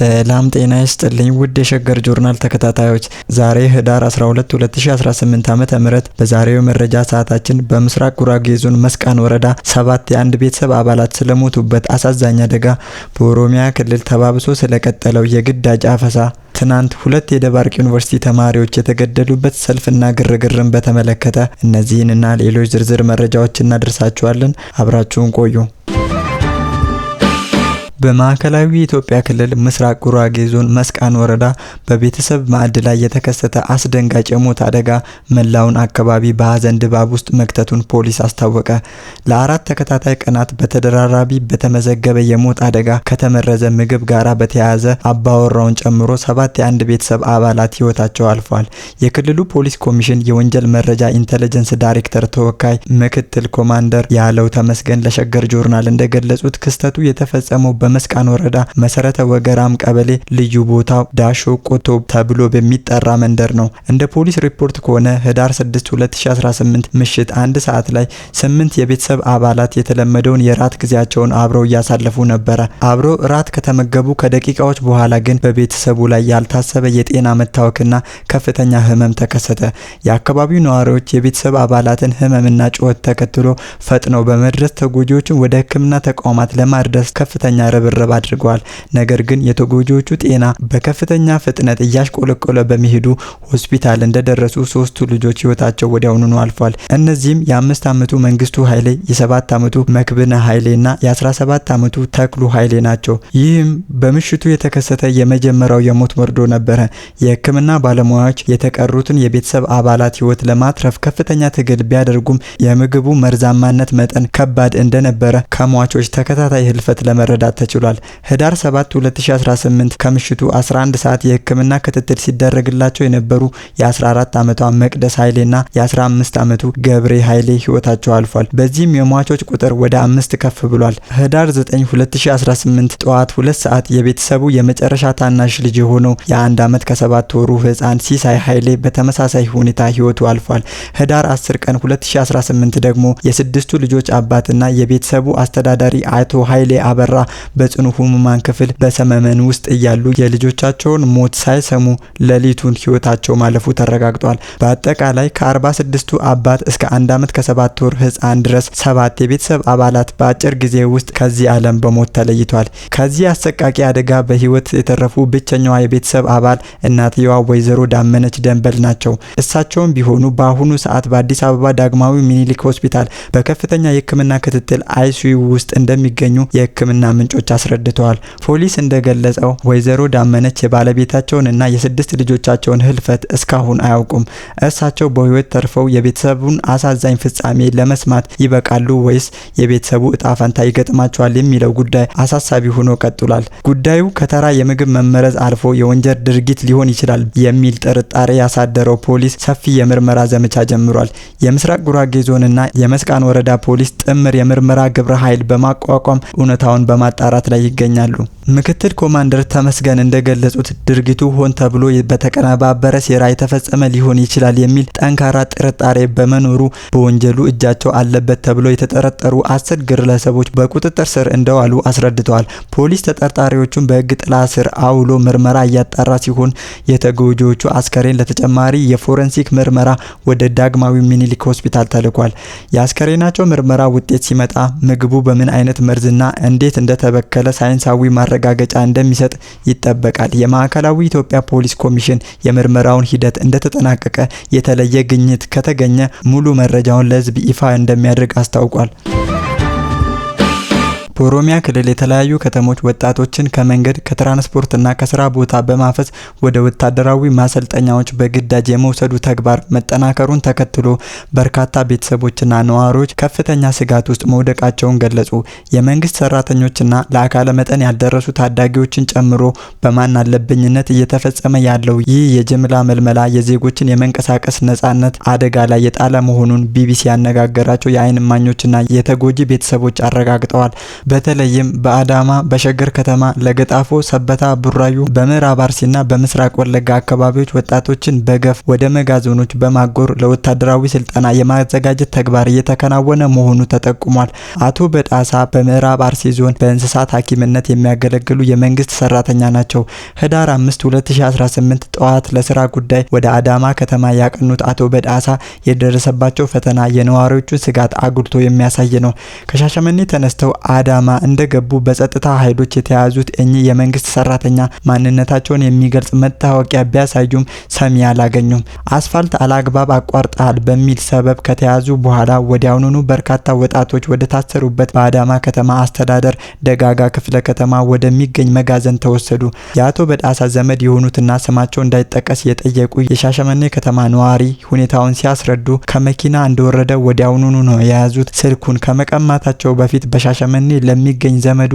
ሰላም ጤና ይስጥልኝ ውድ የሸገር ጆርናል ተከታታዮች፣ ዛሬ ህዳር 12 2018 ዓመተ ምህረት በዛሬው መረጃ ሰዓታችን በምስራቅ ጉራጌ ዞን መስቃን ወረዳ ሰባት የአንድ ቤተሰብ አባላት ስለሞቱበት አሳዛኝ አደጋ፣ በኦሮሚያ ክልል ተባብሶ ስለቀጠለው የግዳጅ አፈሳ ትናንት ሁለት የደባርቅ ዩኒቨርሲቲ ተማሪዎች የተገደሉበት ሰልፍና ግርግርን በተመለከተ እነዚህንና ሌሎች ዝርዝር መረጃዎች እናደርሳችኋለን። አብራችሁን ቆዩ። በማዕከላዊ ኢትዮጵያ ክልል ምስራቅ ጉራጌ ዞን መስቃን ወረዳ በቤተሰብ ማዕድ ላይ የተከሰተ አስደንጋጭ የሞት አደጋ መላውን አካባቢ በሀዘን ድባብ ውስጥ መክተቱን ፖሊስ አስታወቀ። ለአራት ተከታታይ ቀናት በተደራራቢ በተመዘገበ የሞት አደጋ ከተመረዘ ምግብ ጋራ በተያያዘ አባወራውን ጨምሮ ሰባት የአንድ ቤተሰብ አባላት ህይወታቸው አልፏል። የክልሉ ፖሊስ ኮሚሽን የወንጀል መረጃ ኢንተለጀንስ ዳይሬክተር ተወካይ ምክትል ኮማንደር ያለው ተመስገን ለሸገር ጆርናል እንደገለጹት ክስተቱ የተፈጸመው በ በመስቃን ወረዳ መሰረተ ወገራም ቀበሌ ልዩ ቦታው ዳሾ ቆቶ ተብሎ በሚጠራ መንደር ነው። እንደ ፖሊስ ሪፖርት ከሆነ ህዳር 6 2018 ምሽት አንድ ሰዓት ላይ ስምንት የቤተሰብ አባላት የተለመደውን የራት ጊዜያቸውን አብረው እያሳለፉ ነበረ። አብረው ራት ከተመገቡ ከደቂቃዎች በኋላ ግን በቤተሰቡ ላይ ያልታሰበ የጤና መታወክና ከፍተኛ ህመም ተከሰተ። የአካባቢው ነዋሪዎች የቤተሰብ አባላትን ህመምና ጩኸት ተከትሎ ፈጥነው በመድረስ ተጎጂዎችን ወደ ሕክምና ተቋማት ለማድረስ ከፍተኛ ርብርብ አድርገዋል። ነገር ግን የተጎጂዎቹ ጤና በከፍተኛ ፍጥነት እያሽቆለቆለ በመሄዱ ሆስፒታል እንደደረሱ ሶስቱ ልጆች ህይወታቸው ወዲያውኑ አልፏል። እነዚህም የአምስት አመቱ መንግስቱ ኃይሌ፣ የሰባት አመቱ መክብነ ኃይሌና የ17 አመቱ ተክሉ ኃይሌ ናቸው። ይህም በምሽቱ የተከሰተ የመጀመሪያው የሞት መርዶ ነበረ። የህክምና ባለሙያዎች የተቀሩትን የቤተሰብ አባላት ህይወት ለማትረፍ ከፍተኛ ትግል ቢያደርጉም የምግቡ መርዛማነት መጠን ከባድ እንደነበረ ከሟቾች ተከታታይ ህልፈት ለመረዳት ተችሏል። ህዳር 7 2018 ከምሽቱ 11 ሰዓት የህክምና ክትትል ሲደረግላቸው የነበሩ የ14 ዓመቷ መቅደስ ኃይሌና የ15 ዓመቱ ገብሬ ኃይሌ ህይወታቸው አልፏል። በዚህም የሟቾች ቁጥር ወደ አምስት ከፍ ብሏል። ህዳር 9 2018 ጠዋት 2 ሰዓት የቤተሰቡ የመጨረሻ ታናሽ ልጅ የሆነው የአንድ ዓመት ከሰባት ወሩ ህፃን ሲሳይ ኃይሌ በተመሳሳይ ሁኔታ ህይወቱ አልፏል። ህዳር 10 ቀን 2018 ደግሞ የስድስቱ ልጆች አባትና የቤተሰቡ አስተዳዳሪ አቶ ኃይሌ አበራ በጽኑ ህሙማን ክፍል በሰመመን ውስጥ እያሉ የልጆቻቸውን ሞት ሳይሰሙ ሌሊቱን ህይወታቸው ማለፉ ተረጋግጧል። በአጠቃላይ ከ46ቱ አባት እስከ አንድ ዓመት ከሰባት ወር ህፃን ድረስ ሰባት የቤተሰብ አባላት በአጭር ጊዜ ውስጥ ከዚህ ዓለም በሞት ተለይቷል። ከዚህ አሰቃቂ አደጋ በህይወት የተረፉ ብቸኛዋ የቤተሰብ አባል እናትየዋ ወይዘሮ ዳመነች ደንበል ናቸው። እሳቸውም ቢሆኑ በአሁኑ ሰዓት በአዲስ አበባ ዳግማዊ ሚኒሊክ ሆስፒታል በከፍተኛ የህክምና ክትትል አይሲዩ ውስጥ እንደሚገኙ የህክምና ምንጮች ምንጮች አስረድተዋል። ፖሊስ እንደገለጸው ወይዘሮ ዳመነች የባለቤታቸውንና የስድስት ልጆቻቸውን ህልፈት እስካሁን አያውቁም። እርሳቸው በህይወት ተርፈው የቤተሰቡን አሳዛኝ ፍጻሜ ለመስማት ይበቃሉ ወይስ የቤተሰቡ እጣ ፈንታ ይገጥማቸዋል የሚለው ጉዳይ አሳሳቢ ሆኖ ቀጥሏል። ጉዳዩ ከተራ የምግብ መመረዝ አልፎ የወንጀል ድርጊት ሊሆን ይችላል የሚል ጥርጣሬ ያሳደረው ፖሊስ ሰፊ የምርመራ ዘመቻ ጀምሯል። የምስራቅ ጉራጌ ዞንና የመስቃን ወረዳ ፖሊስ ጥምር የምርመራ ግብረ ኃይል በማቋቋም እውነታውን በማጣራት በማጣራት ላይ ይገኛሉ። ምክትል ኮማንደር ተመስገን እንደገለጹት ድርጊቱ ሆን ተብሎ በተቀነባበረ ሴራ የተፈጸመ ሊሆን ይችላል የሚል ጠንካራ ጥርጣሬ በመኖሩ በወንጀሉ እጃቸው አለበት ተብሎ የተጠረጠሩ አስር ግለሰቦች በቁጥጥር ስር እንደዋሉ አስረድተዋል። ፖሊስ ተጠርጣሪዎቹን በህግ ጥላ ስር አውሎ ምርመራ እያጣራ ሲሆን የተጎጂዎቹ አስከሬን ለተጨማሪ የፎረንሲክ ምርመራ ወደ ዳግማዊ ሚኒሊክ ሆስፒታል ተልኳል። የአስከሬናቸው ምርመራ ውጤት ሲመጣ ምግቡ በምን አይነት መርዝና እንዴት እንደተበ ያበከለ ሳይንሳዊ ማረጋገጫ እንደሚሰጥ ይጠበቃል። የማዕከላዊ ኢትዮጵያ ፖሊስ ኮሚሽን የምርመራውን ሂደት እንደተጠናቀቀ የተለየ ግኝት ከተገኘ ሙሉ መረጃውን ለሕዝብ ይፋ እንደሚያደርግ አስታውቋል። በኦሮሚያ ክልል የተለያዩ ከተሞች ወጣቶችን ከመንገድ ከትራንስፖርትና ከስራ ቦታ በማፈስ ወደ ወታደራዊ ማሰልጠኛዎች በግዳጅ የመውሰዱ ተግባር መጠናከሩን ተከትሎ በርካታ ቤተሰቦችና ነዋሪዎች ከፍተኛ ስጋት ውስጥ መውደቃቸውን ገለጹ። የመንግስት ሰራተኞችና ለአካለ መጠን ያልደረሱ ታዳጊዎችን ጨምሮ በማናለብኝነት እየተፈጸመ ያለው ይህ የጅምላ መልመላ የዜጎችን የመንቀሳቀስ ነጻነት አደጋ ላይ የጣለ መሆኑን ቢቢሲ ያነጋገራቸው የአይን እማኞችና የተጎጂ ቤተሰቦች አረጋግጠዋል። በተለይም በአዳማ በሸገር ከተማ ለገጣፎ ሰበታ ቡራዩ በምዕራብ አርሲና በምስራቅ ወለጋ አካባቢዎች ወጣቶችን በገፍ ወደ መጋዘኖች በማጎር ለወታደራዊ ስልጠና የማዘጋጀት ተግባር እየተከናወነ መሆኑ ተጠቁሟል። አቶ በጣሳ በምዕራብ አርሲ ዞን በእንስሳት ሐኪምነት የሚያገለግሉ የመንግስት ሰራተኛ ናቸው። ህዳር 5 2018 ጠዋት ለስራ ጉዳይ ወደ አዳማ ከተማ ያቀኑት አቶ በጣሳ የደረሰባቸው ፈተና የነዋሪዎቹ ስጋት አጉልቶ የሚያሳይ ነው። ከሻሸመኔ ተነስተው አዳ ዓላማ እንደገቡ በጸጥታ ኃይሎች የተያዙት እኚህ የመንግስት ሰራተኛ ማንነታቸውን የሚገልጽ መታወቂያ ቢያሳዩም ሰሚ አላገኙም። አስፋልት አላግባብ አቋርጠሃል በሚል ሰበብ ከተያዙ በኋላ ወዲያውኑኑ በርካታ ወጣቶች ወደ ታሰሩበት በአዳማ ከተማ አስተዳደር ደጋጋ ክፍለ ከተማ ወደሚገኝ መጋዘን ተወሰዱ። የአቶ በዳሳ ዘመድ የሆኑትና ስማቸው እንዳይጠቀስ የጠየቁ የሻሸመኔ ከተማ ነዋሪ ሁኔታውን ሲያስረዱ ከመኪና እንደወረደ ወዲያውኑኑ ነው የያዙት። ስልኩን ከመቀማታቸው በፊት በሻሸመኔ ለሚገኝ ዘመዱ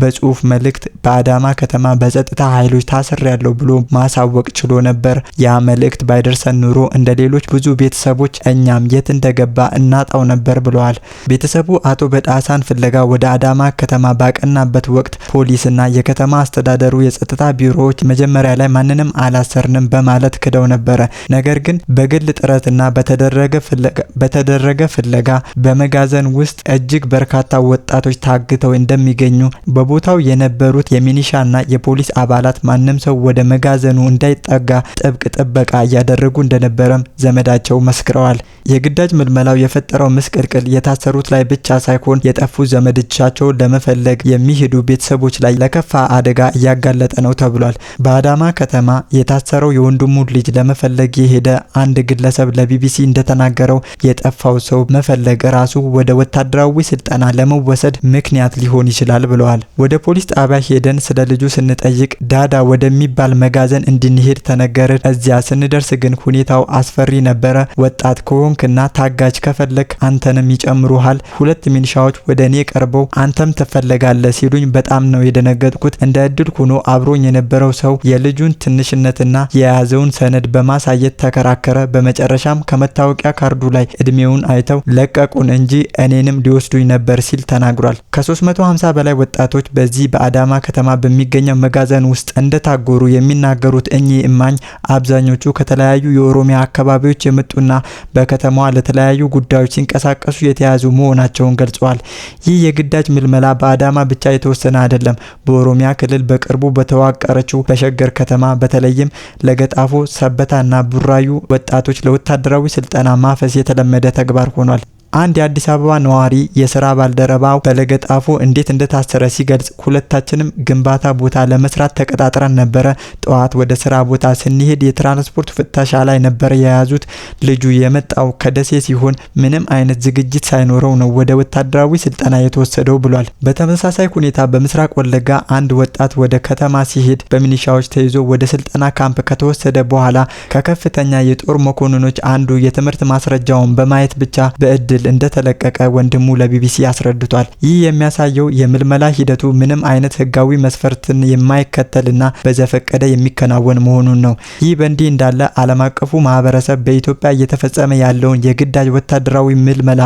በጽሁፍ መልእክት በአዳማ ከተማ በጸጥታ ኃይሎች ያለው ብሎ ማሳወቅ ችሎ ነበር። ያ መልእክት ባይደርሰን ኑሮ እንደ ሌሎች ብዙ ቤተሰቦች እኛም የት እንደገባ እናጣው ነበር ብለዋል። ቤተሰቡ አቶ በጣሳን ፍለጋ ወደ አዳማ ከተማ ባቀናበት ወቅት ፖሊስና የከተማ አስተዳደሩ የጸጥታ ቢሮዎች መጀመሪያ ላይ ማንንም አላሰርንም በማለት ክደው ነበረ። ነገር ግን በግል ጥረትና በተደረገ ፍለጋ በመጋዘን ውስጥ እጅግ በርካታ ወጣቶች ታ? ታግተው እንደሚገኙ በቦታው የነበሩት የሚኒሻና የፖሊስ አባላት ማንም ሰው ወደ መጋዘኑ እንዳይጠጋ ጥብቅ ጥበቃ እያደረጉ እንደነበረም ዘመዳቸው መስክረዋል። የግዳጅ ምልመላው የፈጠረው ምስቅልቅል የታሰሩት ላይ ብቻ ሳይሆን የጠፉ ዘመዶቻቸውን ለመፈለግ የሚሄዱ ቤተሰቦች ላይ ለከፋ አደጋ እያጋለጠ ነው ተብሏል። በአዳማ ከተማ የታሰረው የወንድሙ ልጅ ለመፈለግ የሄደ አንድ ግለሰብ ለቢቢሲ እንደተናገረው የጠፋው ሰው መፈለግ ራሱ ወደ ወታደራዊ ስልጠና ለመወሰድ ምክንያት ምክንያት ሊሆን ይችላል ብለዋል። ወደ ፖሊስ ጣቢያ ሄደን ስለ ልጁ ስንጠይቅ ዳዳ ወደሚባል መጋዘን እንድንሄድ ተነገርን። እዚያ ስንደርስ ግን ሁኔታው አስፈሪ ነበረ። ወጣት ከሆንክና ታጋጅ ከፈለክ አንተንም ይጨምሩሃል። ሁለት ሚኒሻዎች ወደ እኔ ቀርበው አንተም ትፈለጋለ ሲሉኝ በጣም ነው የደነገጥኩት። እንደ እድል ሆኖ አብሮኝ የነበረው ሰው የልጁን ትንሽነትና የያዘውን ሰነድ በማሳየት ተከራከረ። በመጨረሻም ከመታወቂያ ካርዱ ላይ እድሜውን አይተው ለቀቁን እንጂ እኔንም ሊወስዱኝ ነበር ሲል ተናግሯል። 350 በላይ ወጣቶች በዚህ በአዳማ ከተማ በሚገኘው መጋዘን ውስጥ እንደታጎሩ የሚናገሩት እኚህ እማኝ አብዛኞቹ ከተለያዩ የኦሮሚያ አካባቢዎች የመጡና በከተማዋ ለተለያዩ ጉዳዮች ሲንቀሳቀሱ የተያዙ መሆናቸውን ገልጸዋል። ይህ የግዳጅ ምልመላ በአዳማ ብቻ የተወሰነ አይደለም። በኦሮሚያ ክልል በቅርቡ በተዋቀረችው በሸገር ከተማ በተለይም ለገጣፎ ሰበታና ቡራዩ ወጣቶች ለወታደራዊ ስልጠና ማፈስ የተለመደ ተግባር ሆኗል። አንድ የአዲስ አበባ ነዋሪ የስራ ባልደረባው በለገጣፉ እንዴት እንደታሰረ ሲገልጽ ሁለታችንም ግንባታ ቦታ ለመስራት ተቀጣጥረን ነበረ። ጠዋት ወደ ስራ ቦታ ስንሄድ የትራንስፖርት ፍተሻ ላይ ነበር የያዙት። ልጁ የመጣው ከደሴ ሲሆን ምንም አይነት ዝግጅት ሳይኖረው ነው ወደ ወታደራዊ ስልጠና የተወሰደው ብሏል። በተመሳሳይ ሁኔታ በምስራቅ ወለጋ አንድ ወጣት ወደ ከተማ ሲሄድ በሚኒሻዎች ተይዞ ወደ ስልጠና ካምፕ ከተወሰደ በኋላ ከከፍተኛ የጦር መኮንኖች አንዱ የትምህርት ማስረጃውን በማየት ብቻ በእድል እንደተለቀቀ ወንድሙ ለቢቢሲ አስረድቷል። ይህ የሚያሳየው የምልመላ ሂደቱ ምንም አይነት ህጋዊ መስፈርትን የማይከተልና በዘፈቀደ የሚከናወን መሆኑን ነው። ይህ በእንዲህ እንዳለ ዓለም አቀፉ ማህበረሰብ በኢትዮጵያ እየተፈጸመ ያለውን የግዳጅ ወታደራዊ ምልመላ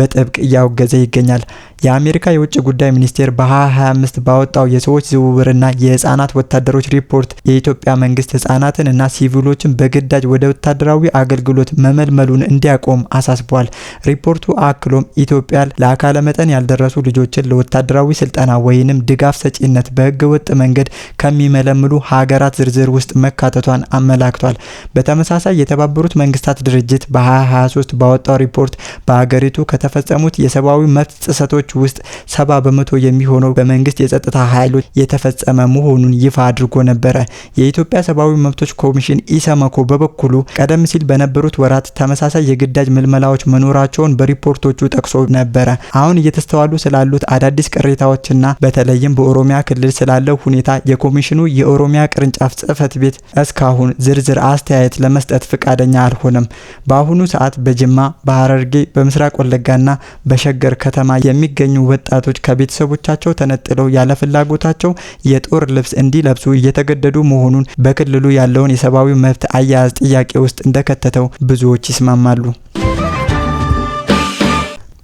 በጥብቅ እያወገዘ ይገኛል። የአሜሪካ የውጭ ጉዳይ ሚኒስቴር በ2025 ባወጣው የሰዎች ዝውውርና የህፃናት ወታደሮች ሪፖርት የኢትዮጵያ መንግስት ህፃናትን እና ሲቪሎችን በግዳጅ ወደ ወታደራዊ አገልግሎት መመልመሉን እንዲያቆም አሳስቧል። ሪፖርቱ አክሎም ኢትዮጵያ ለአካለ መጠን ያልደረሱ ልጆችን ለወታደራዊ ስልጠና ወይንም ድጋፍ ሰጪነት ወጥ መንገድ ከሚመለምሉ ሀገራት ዝርዝር ውስጥ መካተቷን አመላክቷል። በተመሳሳይ የተባበሩት መንግስታት ድርጅት በ2023 ባወጣው ሪፖርት በሀገሪቱ ከተፈጸሙት የሰብአዊ መብት ጥሰቶች ጥቃቶች ውስጥ ሰባ በመቶ የሚሆነው በመንግስት የጸጥታ ኃይሎች የተፈጸመ መሆኑን ይፋ አድርጎ ነበረ። የኢትዮጵያ ሰብአዊ መብቶች ኮሚሽን ኢሰመኮ በበኩሉ ቀደም ሲል በነበሩት ወራት ተመሳሳይ የግዳጅ ምልመላዎች መኖራቸውን በሪፖርቶቹ ጠቅሶ ነበረ። አሁን እየተስተዋሉ ስላሉት አዳዲስ ቅሬታዎችና በተለይም በኦሮሚያ ክልል ስላለው ሁኔታ የኮሚሽኑ የኦሮሚያ ቅርንጫፍ ጽህፈት ቤት እስካሁን ዝርዝር አስተያየት ለመስጠት ፈቃደኛ አልሆነም። በአሁኑ ሰዓት በጅማ፣ በሀረርጌ፣ በምስራቅ ወለጋና በሸገር ከተማ የሚገ የሚገኙ ወጣቶች ከቤተሰቦቻቸው ተነጥለው ያለ ፍላጎታቸው የጦር ልብስ እንዲለብሱ እየተገደዱ መሆኑን በክልሉ ያለውን የሰብአዊ መብት አያያዝ ጥያቄ ውስጥ እንደከተተው ብዙዎች ይስማማሉ።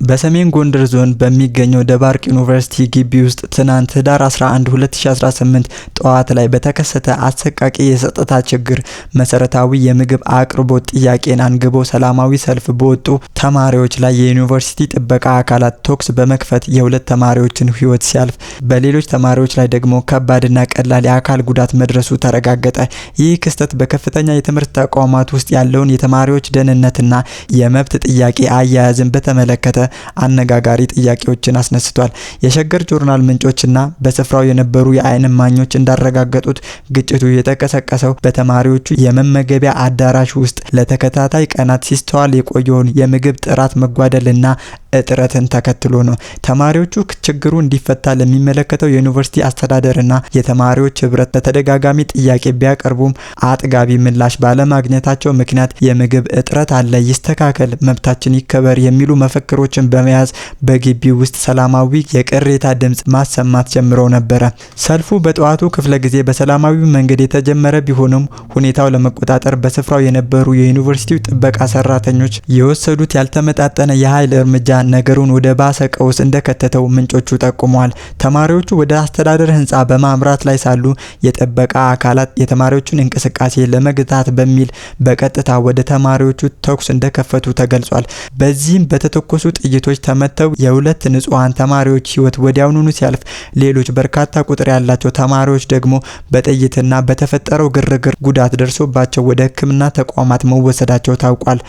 በሰሜን ጎንደር ዞን በሚገኘው ደባርቅ ዩኒቨርሲቲ ግቢ ውስጥ ትናንት ህዳር 11 2018 ጠዋት ላይ በተከሰተ አሰቃቂ የጸጥታ ችግር መሰረታዊ የምግብ አቅርቦት ጥያቄን አንግበው ሰላማዊ ሰልፍ በወጡ ተማሪዎች ላይ የዩኒቨርሲቲ ጥበቃ አካላት ተኩስ በመክፈት የሁለት ተማሪዎችን ህይወት ሲያልፍ በሌሎች ተማሪዎች ላይ ደግሞ ከባድና ቀላል የአካል ጉዳት መድረሱ ተረጋገጠ። ይህ ክስተት በከፍተኛ የትምህርት ተቋማት ውስጥ ያለውን የተማሪዎች ደህንነትና የመብት ጥያቄ አያያዝን በተመለከተ አነጋጋሪ ጥያቄዎችን አስነስቷል። የሸገር ጆርናል ምንጮችና በስፍራው የነበሩ የአይን እማኞች እንዳረጋገጡት ግጭቱ የተቀሰቀሰው በተማሪዎቹ የመመገቢያ አዳራሽ ውስጥ ለተከታታይ ቀናት ሲስተዋል የቆየውን የምግብ ጥራት መጓደልና እጥረትን ተከትሎ ነው። ተማሪዎቹ ችግሩ እንዲፈታ ለሚመለከተው የዩኒቨርሲቲ አስተዳደርና የተማሪዎች ህብረት በተደጋጋሚ ጥያቄ ቢያቀርቡም አጥጋቢ ምላሽ ባለማግኘታቸው ምክንያት የምግብ እጥረት አለ፣ ይስተካከል፣ መብታችን ይከበር የሚሉ መፈክሮች መሳሪያዎችን በመያዝ በግቢ ውስጥ ሰላማዊ የቅሬታ ድምፅ ማሰማት ጀምሮ ነበረ። ሰልፉ በጠዋቱ ክፍለ ጊዜ በሰላማዊ መንገድ የተጀመረ ቢሆንም ሁኔታው ለመቆጣጠር በስፍራው የነበሩ የዩኒቨርሲቲው ጥበቃ ሰራተኞች የወሰዱት ያልተመጣጠነ የኃይል እርምጃ ነገሩን ወደ ባሰ ቀውስ እንደከተተው ምንጮቹ ጠቁመዋል። ተማሪዎቹ ወደ አስተዳደር ህንፃ በማምራት ላይ ሳሉ የጥበቃ አካላት የተማሪዎቹን እንቅስቃሴ ለመግታት በሚል በቀጥታ ወደ ተማሪዎቹ ተኩስ እንደከፈቱ ተገልጿል። በዚህም በተተኮሱ ጥይቶች ተመተው የሁለት ንጹሐን ተማሪዎች ህይወት ወዲያውኑኑ ሲያልፍ ሌሎች በርካታ ቁጥር ያላቸው ተማሪዎች ደግሞ በጥይትና በተፈጠረው ግርግር ጉዳት ደርሶባቸው ወደ ሕክምና ተቋማት መወሰዳቸው ታውቋል።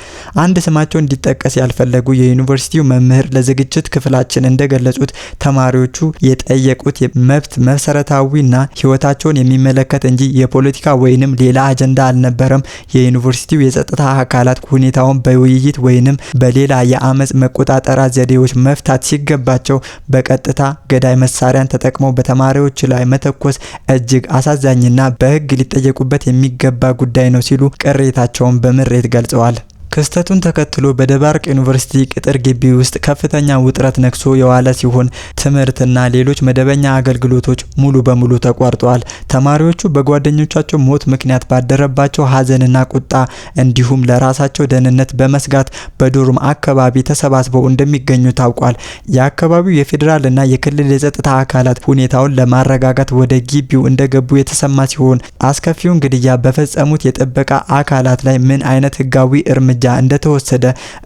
አንድ ስማቸው እንዲጠቀስ ያልፈለጉ የዩኒቨርሲቲው መምህር ለዝግጅት ክፍላችን እንደገለጹት ተማሪዎቹ የጠየቁት መብት መሰረታዊና ህይወታቸውን የሚመለከት እንጂ የፖለቲካ ወይንም ሌላ አጀንዳ አልነበረም። የዩኒቨርሲቲው የጸጥታ አካላት ሁኔታውን በውይይት ወይንም በሌላ የአመፅ መቆጣጠር የፈጠራ ዘዴዎች መፍታት ሲገባቸው በቀጥታ ገዳይ መሳሪያን ተጠቅመው በተማሪዎች ላይ መተኮስ እጅግ አሳዛኝና በሕግ ሊጠየቁበት የሚገባ ጉዳይ ነው ሲሉ ቅሬታቸውን በምሬት ገልጸዋል። ክስተቱን ተከትሎ በደባርቅ ዩኒቨርሲቲ ቅጥር ግቢ ውስጥ ከፍተኛ ውጥረት ነግሶ የዋለ ሲሆን ትምህርትና ሌሎች መደበኛ አገልግሎቶች ሙሉ በሙሉ ተቋርጠዋል። ተማሪዎቹ በጓደኞቻቸው ሞት ምክንያት ባደረባቸው ሀዘንና ቁጣ እንዲሁም ለራሳቸው ደህንነት በመስጋት በዶርም አካባቢ ተሰባስበው እንደሚገኙ ታውቋል። የአካባቢው የፌዴራልና የክልል የጸጥታ አካላት ሁኔታውን ለማረጋጋት ወደ ግቢው እንደገቡ የተሰማ ሲሆን አስከፊውን ግድያ በፈጸሙት የጥበቃ አካላት ላይ ምን አይነት ህጋዊ እርምጃ እንደተወሰደ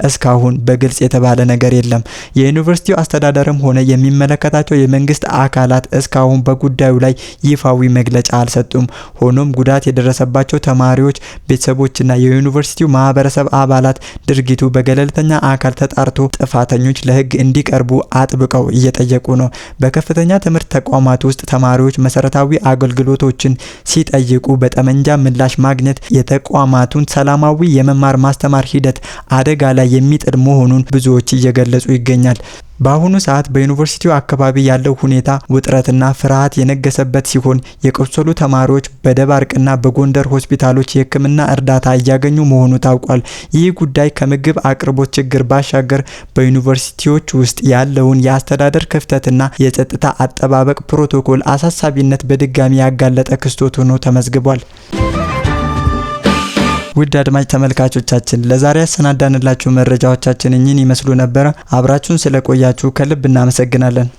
እስካሁን በግልጽ የተባለ ነገር የለም። የዩኒቨርሲቲው አስተዳደርም ሆነ የሚመለከታቸው የመንግስት አካላት እስካሁን በጉዳዩ ላይ ይፋዊ መግለጫ አልሰጡም። ሆኖም ጉዳት የደረሰባቸው ተማሪዎች ቤተሰቦችና የዩኒቨርሲቲው ማህበረሰብ አባላት ድርጊቱ በገለልተኛ አካል ተጣርቶ ጥፋተኞች ለህግ እንዲቀርቡ አጥብቀው እየጠየቁ ነው። በከፍተኛ ትምህርት ተቋማት ውስጥ ተማሪዎች መሰረታዊ አገልግሎቶችን ሲጠይቁ በጠመንጃ ምላሽ ማግኘት የተቋማቱን ሰላማዊ የመማር ማስተማር ሂደት አደጋ ላይ የሚጥል መሆኑን ብዙዎች እየገለጹ ይገኛል። በአሁኑ ሰዓት በዩኒቨርሲቲው አካባቢ ያለው ሁኔታ ውጥረትና ፍርሃት የነገሰበት ሲሆን የቆሰሉ ተማሪዎች በደባርቅና በጎንደር ሆስፒታሎች የሕክምና እርዳታ እያገኙ መሆኑ ታውቋል። ይህ ጉዳይ ከምግብ አቅርቦት ችግር ባሻገር በዩኒቨርሲቲዎች ውስጥ ያለውን የአስተዳደር ክፍተትና የጸጥታ አጠባበቅ ፕሮቶኮል አሳሳቢነት በድጋሚ ያጋለጠ ክስተት ሆኖ ተመዝግቧል። ውድ አድማጭ ተመልካቾቻችን ለዛሬ ያሰናዳንላችሁ መረጃዎቻችን እኚህን ይመስሉ ነበረ። አብራችሁን ስለቆያችሁ ከልብ እናመሰግናለን።